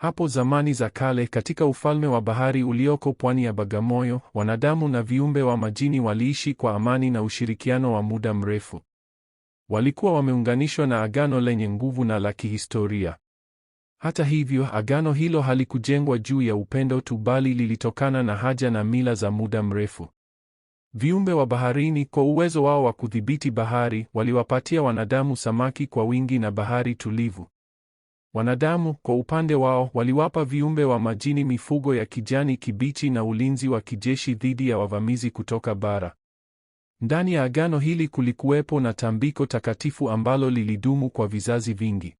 Hapo zamani za kale, katika ufalme wa bahari ulioko pwani ya Bagamoyo, wanadamu na viumbe wa majini waliishi kwa amani na ushirikiano wa muda mrefu. Walikuwa wameunganishwa na agano lenye nguvu na la kihistoria. Hata hivyo, agano hilo halikujengwa juu ya upendo tu, bali lilitokana na haja na mila za muda mrefu. Viumbe wa baharini, kwa uwezo wao wa kudhibiti bahari, waliwapatia wanadamu samaki kwa wingi na bahari tulivu. Wanadamu kwa upande wao waliwapa viumbe wa majini mifugo ya kijani kibichi na ulinzi wa kijeshi dhidi ya wavamizi kutoka bara. Ndani ya agano hili kulikuwepo na tambiko takatifu ambalo lilidumu kwa vizazi vingi.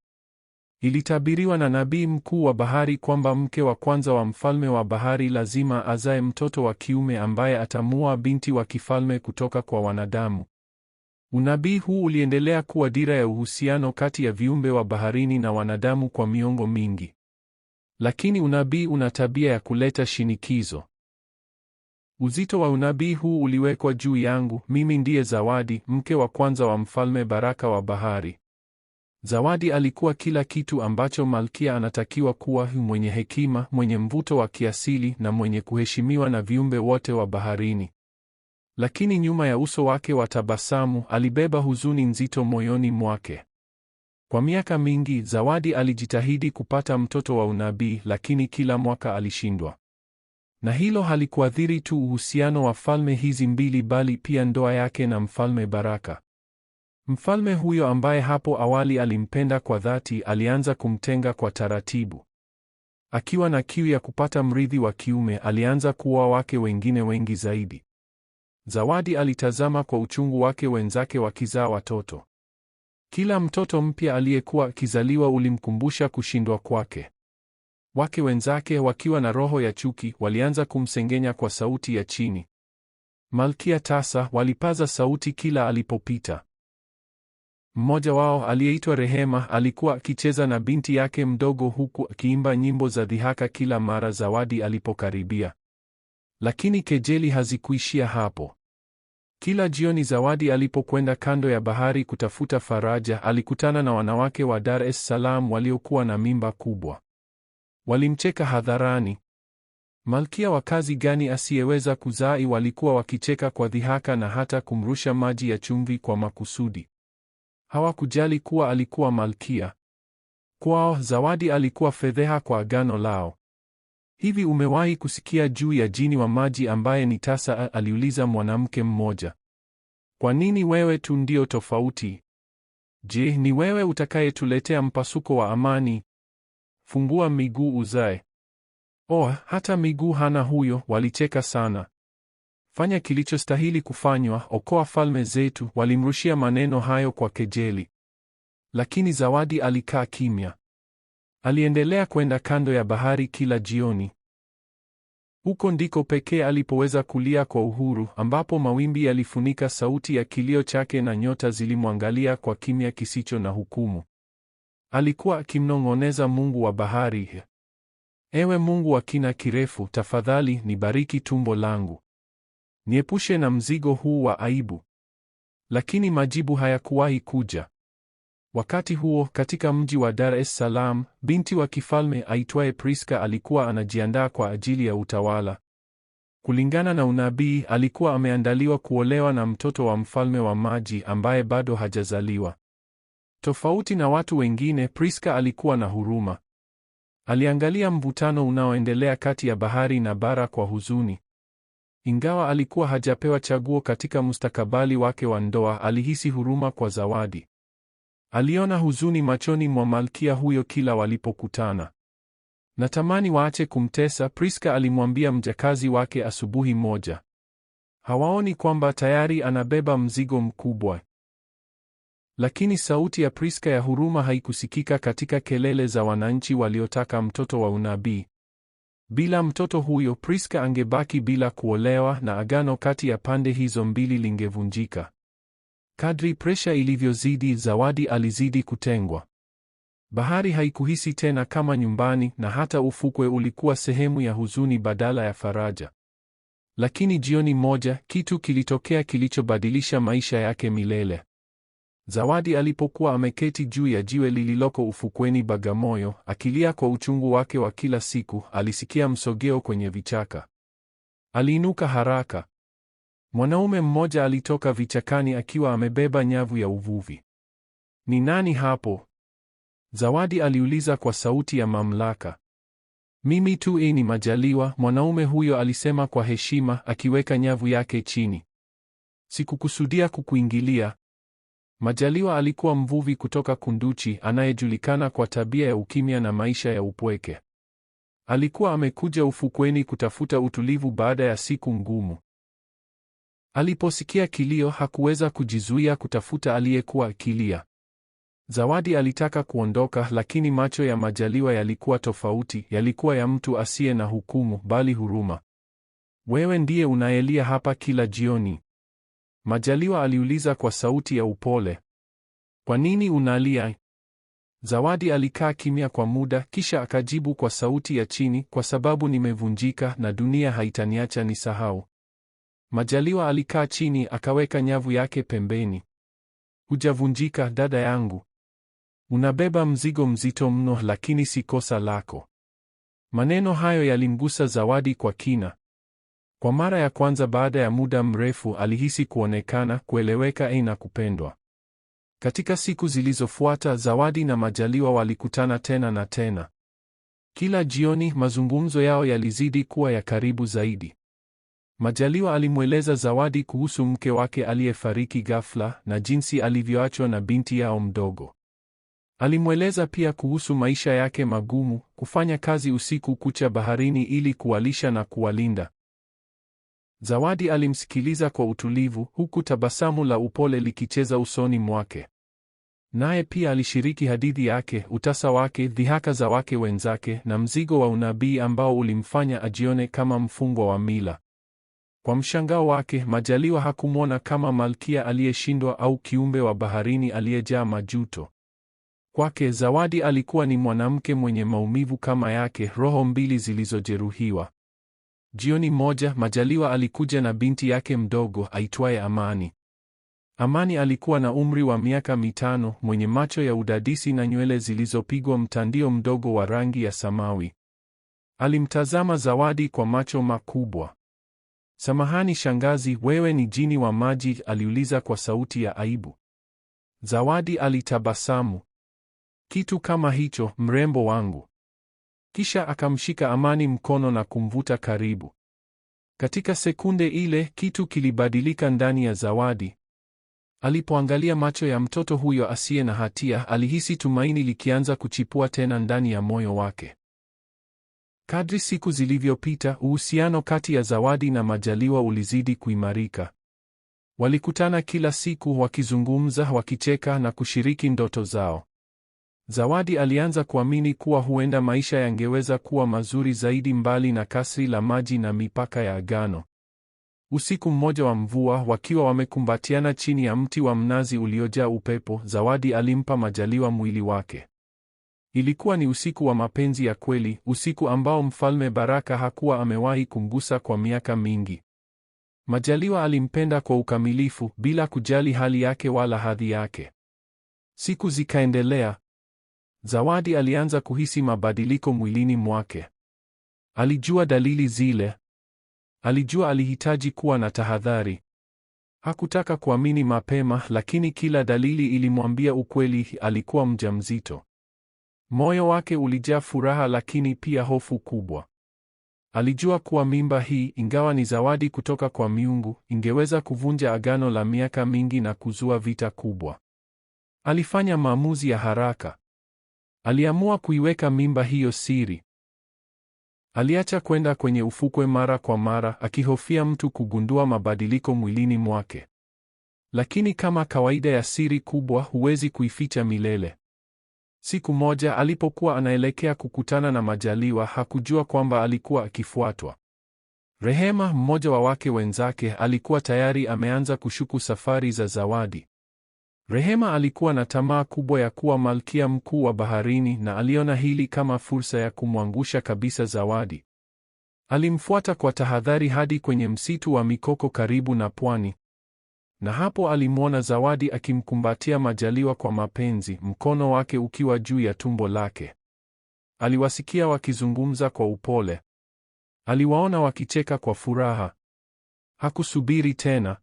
Ilitabiriwa na nabii mkuu wa bahari kwamba mke wa kwanza wa mfalme wa bahari lazima azae mtoto wa kiume ambaye atamua binti wa kifalme kutoka kwa wanadamu. Unabii huu uliendelea kuwa dira ya uhusiano kati ya viumbe wa baharini na wanadamu kwa miongo mingi. Lakini unabii una tabia ya kuleta shinikizo. Uzito wa unabii huu uliwekwa juu yangu, mimi ndiye Zawadi, mke wa kwanza wa Mfalme Baraka wa Bahari. Zawadi alikuwa kila kitu ambacho malkia anatakiwa kuwa: mwenye hekima, mwenye mvuto wa kiasili na mwenye kuheshimiwa na viumbe wote wa baharini. Lakini nyuma ya uso wake wa tabasamu alibeba huzuni nzito moyoni mwake. Kwa miaka mingi Zawadi alijitahidi kupata mtoto wa unabii, lakini kila mwaka alishindwa. Na hilo halikuathiri tu uhusiano wa falme hizi mbili, bali pia ndoa yake na Mfalme Baraka. Mfalme huyo ambaye hapo awali alimpenda kwa dhati, alianza kumtenga kwa taratibu. Akiwa na kiu ya kupata mrithi wa kiume, alianza kuoa wake wengine wengi zaidi. Zawadi alitazama kwa uchungu wake wenzake wakizaa watoto. Kila mtoto mpya aliyekuwa akizaliwa ulimkumbusha kushindwa kwake. Wake wenzake wakiwa na roho ya chuki walianza kumsengenya kwa sauti ya chini. Malkia tasa walipaza sauti kila alipopita. Mmoja wao aliyeitwa Rehema alikuwa akicheza na binti yake mdogo huku akiimba nyimbo za dhihaka kila mara Zawadi alipokaribia. Lakini kejeli hazikuishia hapo. Kila jioni Zawadi alipokwenda kando ya bahari kutafuta faraja, alikutana na wanawake wa Dar es Salaam waliokuwa na mimba kubwa. Walimcheka hadharani. Malkia wa kazi gani asiyeweza kuzaa? walikuwa wakicheka kwa dhihaka na hata kumrusha maji ya chumvi kwa makusudi. Hawakujali kuwa alikuwa malkia. Kwao Zawadi alikuwa fedheha kwa agano lao. Hivi umewahi kusikia juu ya jini wa maji ambaye ni tasa? aliuliza mwanamke mmoja. Kwa nini wewe tu ndio tofauti? Je, ni wewe utakayetuletea mpasuko wa amani? Fungua miguu uzae. Oh, hata miguu hana huyo. Walicheka sana. Fanya kilichostahili kufanywa, okoa falme zetu. Walimrushia maneno hayo kwa kejeli, lakini Zawadi alikaa kimya. Aliendelea kwenda kando ya bahari kila jioni. Huko ndiko pekee alipoweza kulia kwa uhuru, ambapo mawimbi yalifunika sauti ya kilio chake na nyota zilimwangalia kwa kimya kisicho na hukumu. Alikuwa akimnong'oneza Mungu wa bahari, ewe Mungu wa kina kirefu, tafadhali nibariki tumbo langu, niepushe na mzigo huu wa aibu. Lakini majibu hayakuwahi kuja. Wakati huo katika mji wa Dar es Salaam, binti wa kifalme aitwaye Priska alikuwa anajiandaa kwa ajili ya utawala. Kulingana na unabii, alikuwa ameandaliwa kuolewa na mtoto wa mfalme wa maji ambaye bado hajazaliwa. Tofauti na watu wengine, Priska alikuwa na huruma. Aliangalia mvutano unaoendelea kati ya bahari na bara kwa huzuni. Ingawa alikuwa hajapewa chaguo katika mustakabali wake wa ndoa, alihisi huruma kwa Zawadi. Aliona huzuni machoni mwa malkia huyo kila walipokutana. Natamani waache kumtesa, Priska alimwambia mjakazi wake asubuhi moja. Hawaoni kwamba tayari anabeba mzigo mkubwa? Lakini sauti ya Priska ya huruma haikusikika katika kelele za wananchi waliotaka mtoto wa unabii. Bila mtoto huyo, Priska angebaki bila kuolewa na agano kati ya pande hizo mbili lingevunjika. Kadri presha ilivyozidi, Zawadi alizidi kutengwa. Bahari haikuhisi tena kama nyumbani na hata ufukwe ulikuwa sehemu ya huzuni badala ya faraja. Lakini jioni moja kitu kilitokea kilichobadilisha maisha yake milele. Zawadi alipokuwa ameketi juu ya jiwe lililoko ufukweni Bagamoyo, akilia kwa uchungu wake wa kila siku, alisikia msogeo kwenye vichaka. Aliinuka haraka. Mwanaume mmoja alitoka vichakani akiwa amebeba nyavu ya uvuvi. Ni nani hapo? Zawadi aliuliza kwa sauti ya mamlaka. Mimi tu, e, ni majaliwa, mwanaume huyo alisema kwa heshima, akiweka nyavu yake chini. Sikukusudia kukuingilia. Majaliwa alikuwa mvuvi kutoka Kunduchi anayejulikana kwa tabia ya ukimya na maisha ya upweke. Alikuwa amekuja ufukweni kutafuta utulivu baada ya siku ngumu. Aliposikia kilio hakuweza kujizuia kutafuta aliyekuwa akilia. Zawadi alitaka kuondoka, lakini macho ya Majaliwa yalikuwa tofauti, yalikuwa ya mtu asiye na hukumu, bali huruma. Wewe ndiye unayelia hapa kila jioni? Majaliwa aliuliza kwa sauti ya upole. Kwa nini unalia? Zawadi alikaa kimya kwa muda, kisha akajibu kwa sauti ya chini, kwa sababu nimevunjika na dunia haitaniacha nisahau. Majaliwa alikaa chini akaweka nyavu yake pembeni. Hujavunjika dada yangu. Unabeba mzigo mzito mno, lakini si kosa lako. Maneno hayo yalimgusa Zawadi kwa kina. Kwa mara ya kwanza baada ya muda mrefu alihisi kuonekana, kueleweka na kupendwa. Katika siku zilizofuata, Zawadi na Majaliwa walikutana tena na tena. Kila jioni mazungumzo yao yalizidi kuwa ya karibu zaidi. Majaliwa alimweleza Zawadi kuhusu mke wake aliyefariki ghafla na jinsi alivyoachwa na binti yao mdogo. Alimweleza pia kuhusu maisha yake magumu, kufanya kazi usiku kucha baharini ili kuwalisha na kuwalinda. Zawadi alimsikiliza kwa utulivu, huku tabasamu la upole likicheza usoni mwake. Naye pia alishiriki hadithi yake, utasa wake, dhihaka za wake wenzake na mzigo wa unabii ambao ulimfanya ajione kama mfungwa wa mila. Kwa mshangao wake, Majaliwa hakumwona kama malkia aliyeshindwa au kiumbe wa baharini aliyejaa majuto. Kwake Zawadi alikuwa ni mwanamke mwenye maumivu kama yake, roho mbili zilizojeruhiwa. Jioni moja, Majaliwa alikuja na binti yake mdogo aitwaye Amani. Amani alikuwa na umri wa miaka mitano, mwenye macho ya udadisi na nywele zilizopigwa mtandio mdogo wa rangi ya samawi. Alimtazama Zawadi kwa macho makubwa. Samahani shangazi, wewe ni jini wa maji? aliuliza kwa sauti ya aibu. Zawadi alitabasamu. Kitu kama hicho, mrembo wangu. Kisha akamshika Amani mkono na kumvuta karibu. Katika sekunde ile, kitu kilibadilika ndani ya Zawadi. Alipoangalia macho ya mtoto huyo asiye na hatia, alihisi tumaini likianza kuchipua tena ndani ya moyo wake. Kadri siku zilivyopita, uhusiano kati ya Zawadi na Majaliwa ulizidi kuimarika. Walikutana kila siku wakizungumza, wakicheka na kushiriki ndoto zao. Zawadi alianza kuamini kuwa huenda maisha yangeweza kuwa mazuri zaidi mbali na kasri la maji na mipaka ya agano. Usiku mmoja wa mvua, wakiwa wamekumbatiana chini ya mti wa mnazi uliojaa upepo, Zawadi alimpa Majaliwa mwili wake. Ilikuwa ni usiku wa mapenzi ya kweli, usiku ambao Mfalme Baraka hakuwa amewahi kumgusa kwa miaka mingi. Majaliwa alimpenda kwa ukamilifu bila kujali hali yake wala hadhi yake. Siku zikaendelea. Zawadi alianza kuhisi mabadiliko mwilini mwake. Alijua dalili zile. Alijua alihitaji kuwa na tahadhari. Hakutaka kuamini mapema, lakini kila dalili ilimwambia ukweli: alikuwa mjamzito. Moyo wake ulijaa furaha lakini pia hofu kubwa. Alijua kuwa mimba hii, ingawa ni zawadi kutoka kwa miungu, ingeweza kuvunja agano la miaka mingi na kuzua vita kubwa. Alifanya maamuzi ya haraka. Aliamua kuiweka mimba hiyo siri. Aliacha kwenda kwenye ufukwe mara kwa mara, akihofia mtu kugundua mabadiliko mwilini mwake. Lakini kama kawaida ya siri kubwa, huwezi kuificha milele. Siku moja alipokuwa anaelekea kukutana na Majaliwa, hakujua kwamba alikuwa akifuatwa. Rehema, mmoja wa wake wenzake, alikuwa tayari ameanza kushuku safari za Zawadi. Rehema alikuwa na tamaa kubwa ya kuwa malkia mkuu wa baharini na aliona hili kama fursa ya kumwangusha kabisa Zawadi. Alimfuata kwa tahadhari hadi kwenye msitu wa mikoko karibu na pwani, na hapo alimwona Zawadi akimkumbatia Majaliwa kwa mapenzi, mkono wake ukiwa juu ya tumbo lake. Aliwasikia wakizungumza kwa upole. Aliwaona wakicheka kwa furaha. Hakusubiri tena.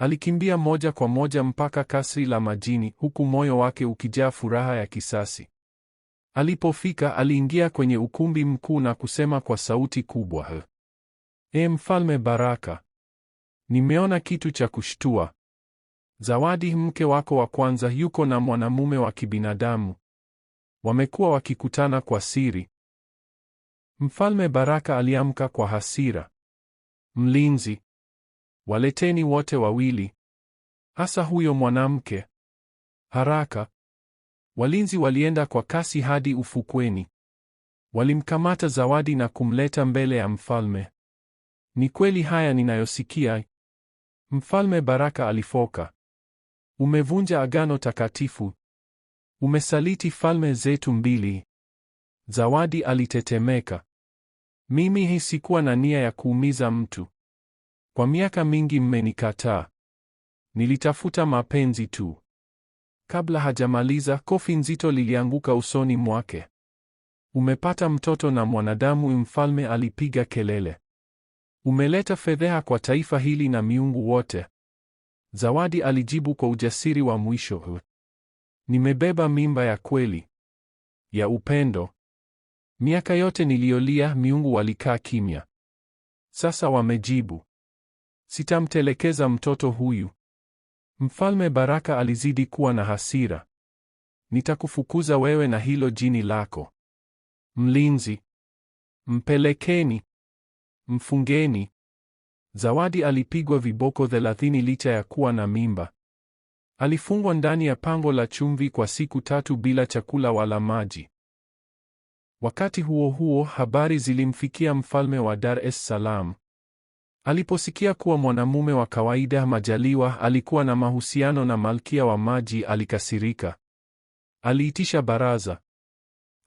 Alikimbia moja kwa moja mpaka kasri la majini huku moyo wake ukijaa furaha ya kisasi. Alipofika aliingia kwenye ukumbi mkuu na kusema kwa sauti kubwa, E Mfalme Baraka, Nimeona kitu cha kushtua. Zawadi, mke wako wa kwanza, yuko na mwanamume wa kibinadamu. Wamekuwa wakikutana kwa siri. Mfalme Baraka aliamka kwa hasira. Mlinzi, waleteni wote wawili, hasa huyo mwanamke. Haraka! Walinzi walienda kwa kasi hadi ufukweni. Walimkamata Zawadi na kumleta mbele ya mfalme. Ni kweli haya ninayosikia, Mfalme Baraka alifoka. Umevunja agano takatifu. Umesaliti falme zetu mbili. Zawadi alitetemeka. Mimi sikuwa na nia ya kuumiza mtu. Kwa miaka mingi mmenikataa. Nilitafuta mapenzi tu. Kabla hajamaliza, kofi nzito lilianguka usoni mwake. Umepata mtoto na mwanadamu, mfalme alipiga kelele. Umeleta fedheha kwa taifa hili na miungu wote. Zawadi alijibu kwa ujasiri wa mwisho. Nimebeba mimba ya kweli ya upendo. Miaka yote niliyolia, miungu walikaa kimya. Sasa wamejibu. Sitamtelekeza mtoto huyu. Mfalme Baraka alizidi kuwa na hasira. Nitakufukuza wewe na hilo jini lako. Mlinzi, mpelekeni. Mfungeni. Zawadi alipigwa viboko thelathini licha ya kuwa na mimba. Alifungwa ndani ya pango la chumvi kwa siku tatu bila chakula wala maji. Wakati huo huo, habari zilimfikia mfalme wa Dar es Salaam. Aliposikia kuwa mwanamume wa kawaida Majaliwa alikuwa na mahusiano na Malkia wa Maji, alikasirika. Aliitisha baraza.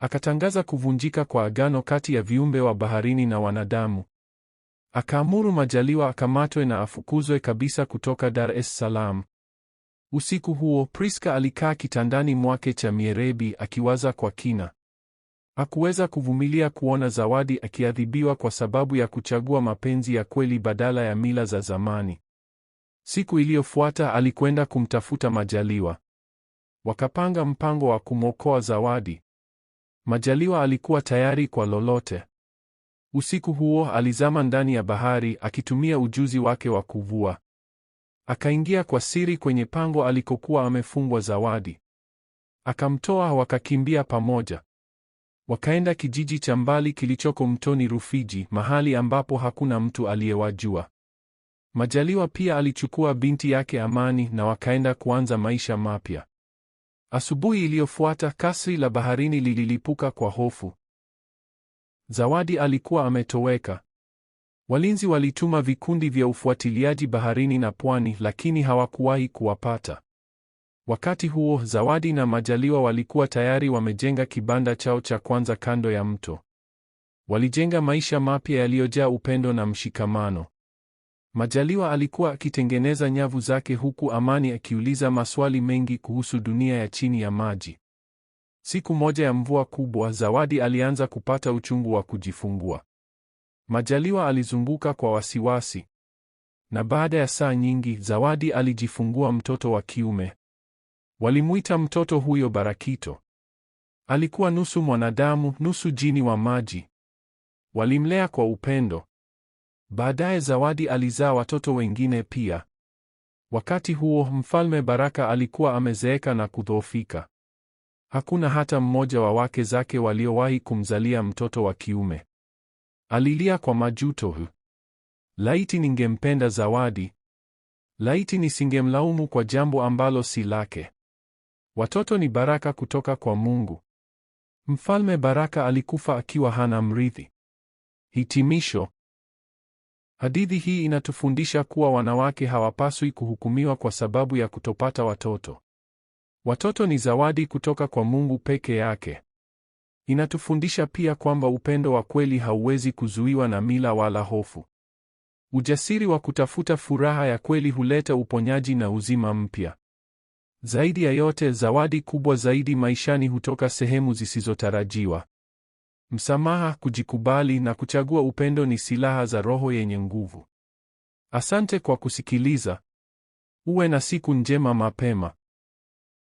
Akatangaza kuvunjika kwa agano kati ya viumbe wa baharini na wanadamu. Akaamuru Majaliwa akamatwe na afukuzwe kabisa kutoka Dar es Salaam. Usiku huo Priska alikaa kitandani mwake cha mierebi akiwaza kwa kina. Hakuweza kuvumilia kuona Zawadi akiadhibiwa kwa sababu ya kuchagua mapenzi ya kweli badala ya mila za zamani. Siku iliyofuata alikwenda kumtafuta Majaliwa. Wakapanga mpango wa kumwokoa Zawadi. Majaliwa alikuwa tayari kwa lolote. Usiku huo alizama ndani ya bahari akitumia ujuzi wake wa kuvua. Akaingia kwa siri kwenye pango alikokuwa amefungwa Zawadi. Akamtoa, wakakimbia pamoja. Wakaenda kijiji cha mbali kilichoko mtoni Rufiji, mahali ambapo hakuna mtu aliyewajua. Majaliwa pia alichukua binti yake Amani na wakaenda kuanza maisha mapya. Asubuhi iliyofuata kasri la baharini lililipuka kwa hofu. Zawadi alikuwa ametoweka. Walinzi walituma vikundi vya ufuatiliaji baharini na pwani, lakini hawakuwahi kuwapata. Wakati huo, Zawadi na Majaliwa walikuwa tayari wamejenga kibanda chao cha kwanza kando ya mto. Walijenga maisha mapya yaliyojaa upendo na mshikamano. Majaliwa alikuwa akitengeneza nyavu zake huku Amani akiuliza maswali mengi kuhusu dunia ya chini ya maji. Siku moja ya mvua kubwa, Zawadi alianza kupata uchungu wa kujifungua. Majaliwa alizunguka kwa wasiwasi, na baada ya saa nyingi, Zawadi alijifungua mtoto wa kiume. Walimuita mtoto huyo Barakito. Alikuwa nusu mwanadamu, nusu jini wa maji. Walimlea kwa upendo. Baadaye Zawadi alizaa watoto wengine pia. Wakati huo, Mfalme Baraka alikuwa amezeeka na kudhoofika. Hakuna hata mmoja wa wake zake waliowahi kumzalia mtoto wa kiume. Alilia kwa majuto Laiti ningempenda Zawadi. Laiti nisingemlaumu kwa jambo ambalo si lake. Watoto ni baraka kutoka kwa Mungu. Mfalme Baraka alikufa akiwa hana mrithi. Hitimisho. Hadithi hii inatufundisha kuwa wanawake hawapaswi kuhukumiwa kwa sababu ya kutopata watoto. Watoto ni zawadi kutoka kwa Mungu peke yake. Inatufundisha pia kwamba upendo wa kweli hauwezi kuzuiwa na mila wala hofu. Ujasiri wa kutafuta furaha ya kweli huleta uponyaji na uzima mpya. Zaidi ya yote, zawadi kubwa zaidi maishani hutoka sehemu zisizotarajiwa. Msamaha, kujikubali na kuchagua upendo ni silaha za roho yenye nguvu. Asante kwa kusikiliza. Uwe na siku njema mapema.